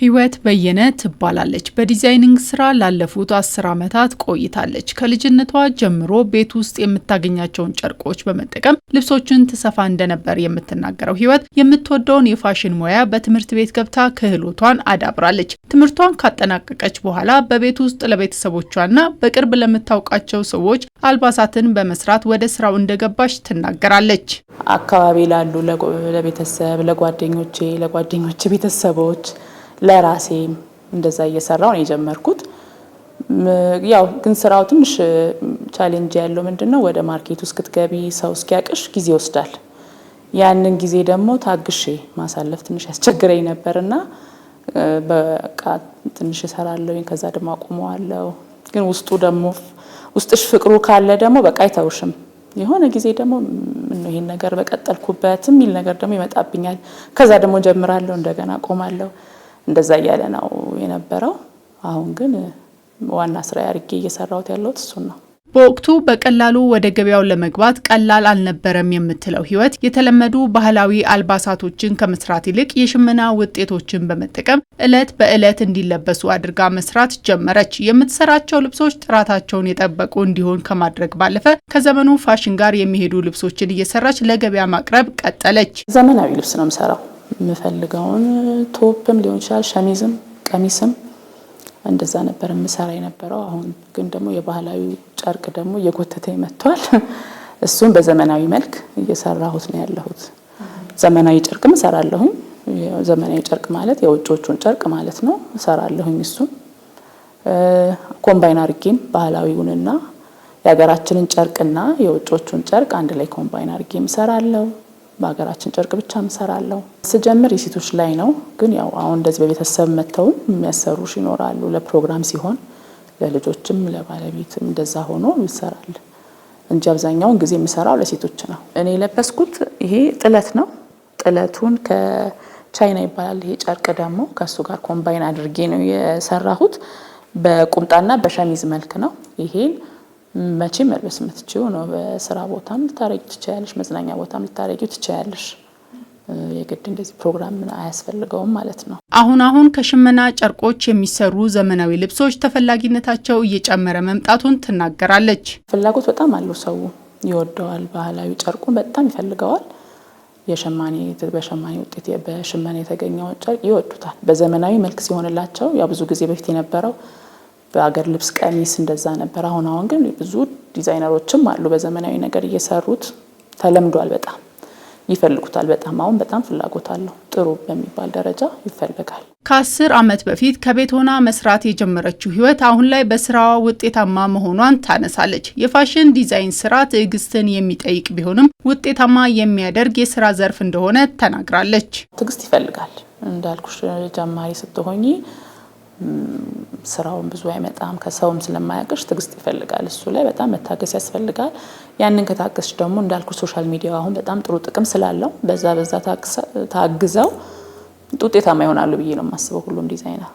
ህይወት በየነ ትባላለች። በዲዛይኒንግ ስራ ላለፉት አስር ዓመታት ቆይታለች። ከልጅነቷ ጀምሮ ቤት ውስጥ የምታገኛቸውን ጨርቆች በመጠቀም ልብሶችን ትሰፋ እንደነበር የምትናገረው ህይወት የምትወደውን የፋሽን ሙያ በትምህርት ቤት ገብታ ክህሎቷን አዳብራለች። ትምህርቷን ካጠናቀቀች በኋላ በቤት ውስጥ ለቤተሰቦቿና በቅርብ ለምታውቃቸው ሰዎች አልባሳትን በመስራት ወደ ስራው እንደገባች ትናገራለች። አካባቢ ላሉ ለቤተሰብ ለጓደኞቼ ለጓደኞቼ ቤተሰቦች ለራሴም እንደዛ እየሰራው ነው የጀመርኩት። ያው ግን ስራው ትንሽ ቻሌንጅ ያለው ምንድን ነው፣ ወደ ማርኬቱ እስክትገቢ ሰው እስኪያቅሽ ጊዜ ይወስዳል። ያንን ጊዜ ደግሞ ታግሼ ማሳለፍ ትንሽ ያስቸግረኝ ነበር እና በቃ ትንሽ እሰራለሁ፣ ከዛ ደግሞ አቁመዋለሁ። ግን ውስጡ ደግሞ ውስጥሽ ፍቅሩ ካለ ደግሞ በቃ አይተውሽም። የሆነ ጊዜ ደግሞ ምነው ይሄን ነገር በቀጠልኩበት የሚል ነገር ደግሞ ይመጣብኛል። ከዛ ደግሞ ጀምራለሁ፣ እንደገና አቆማለሁ። እንደዛ እያለ ነው የነበረው። አሁን ግን ዋና ስራ አድርጌ እየሰራሁት ያለሁት እሱን ነው። በወቅቱ በቀላሉ ወደ ገበያው ለመግባት ቀላል አልነበረም የምትለው ህይወት የተለመዱ ባህላዊ አልባሳቶችን ከመስራት ይልቅ የሽመና ውጤቶችን በመጠቀም እለት በእለት እንዲለበሱ አድርጋ መስራት ጀመረች። የምትሰራቸው ልብሶች ጥራታቸውን የጠበቁ እንዲሆን ከማድረግ ባለፈ ከዘመኑ ፋሽን ጋር የሚሄዱ ልብሶችን እየሰራች ለገበያ ማቅረብ ቀጠለች። ዘመናዊ ልብስ ነው የምሰራው የምፈልገውን ቶፕም ሊሆን ይችላል ሸሚዝም ቀሚስም እንደዛ ነበር የምሰራ የነበረው። አሁን ግን ደግሞ የባህላዊ ጨርቅ ደግሞ እየጎተተ ይመጥቷል እሱም በዘመናዊ መልክ እየሰራሁት ነው ያለሁት። ዘመናዊ ጨርቅም እሰራለሁኝ። ዘመናዊ ጨርቅ ማለት የውጮቹን ጨርቅ ማለት ነው፣ እሰራለሁኝ። እሱም ኮምባይን አርጌም ባህላዊውንና የሀገራችንን ጨርቅና የውጮቹን ጨርቅ አንድ ላይ ኮምባይን አርጌም እሰራለሁ። በሀገራችን ጨርቅ ብቻ ምሰራለሁ። ስጀምር የሴቶች ላይ ነው፣ ግን ያው አሁን እንደዚህ በቤተሰብ መጥተውም የሚያሰሩሽ ይኖራሉ። ለፕሮግራም ሲሆን ለልጆችም ለባለቤትም እንደዛ ሆኖ ይሰራል እንጂ አብዛኛውን ጊዜ የምሰራው ለሴቶች ነው። እኔ የለበስኩት ይሄ ጥለት ነው። ጥለቱን ከቻይና ይባላል። ይሄ ጨርቅ ደግሞ ከእሱ ጋር ኮምባይን አድርጌ ነው የሰራሁት። በቁምጣና በሸሚዝ መልክ ነው ይሄን መቼ መልበስ የምትችይው ነው። በስራ ቦታም ልታረጊ ትችያለሽ፣ መዝናኛ ቦታም ልታረጊ ትችያለሽ። የግድ እንደዚህ ፕሮግራም አያስፈልገውም ማለት ነው። አሁን አሁን ከሽመና ጨርቆች የሚሰሩ ዘመናዊ ልብሶች ተፈላጊነታቸው እየጨመረ መምጣቱን ትናገራለች። ፍላጎት በጣም አለው፣ ሰው ይወደዋል፣ ባህላዊ ጨርቁን በጣም ይፈልገዋል። የሸማኔ በሸማኔ ውጤት በሽመና የተገኘውን ጨርቅ ይወዱታል። በዘመናዊ መልክ ሲሆንላቸው ያው ብዙ ጊዜ በፊት የነበረው በአገር ልብስ ቀሚስ እንደዛ ነበር። አሁን አሁን ግን ብዙ ዲዛይነሮችም አሉ በዘመናዊ ነገር እየሰሩት ተለምዷል። በጣም ይፈልጉታል። በጣም አሁን በጣም ፍላጎት አለው። ጥሩ በሚባል ደረጃ ይፈልጋል። ከአስር ዓመት በፊት ከቤት ሆና መስራት የጀመረችው ህይወት አሁን ላይ በስራዋ ውጤታማ መሆኗን ታነሳለች። የፋሽን ዲዛይን ስራ ትዕግስትን የሚጠይቅ ቢሆንም ውጤታማ የሚያደርግ የስራ ዘርፍ እንደሆነ ተናግራለች። ትዕግስት ይፈልጋል እንዳልኩሽ ጀማሪ ስትሆኚ ስራውን ብዙ አይመጣም። ከሰውም ስለማያቅሽ ትግስት ይፈልጋል። እሱ ላይ በጣም መታገስ ያስፈልጋል። ያንን ከታገስሽ ደግሞ እንዳልኩ ሶሻል ሚዲያው አሁን በጣም ጥሩ ጥቅም ስላለው በዛ በዛ ታግዘው ውጤታማ ይሆናሉ ብዬ ነው የማስበው ሁሉም ዲዛይነር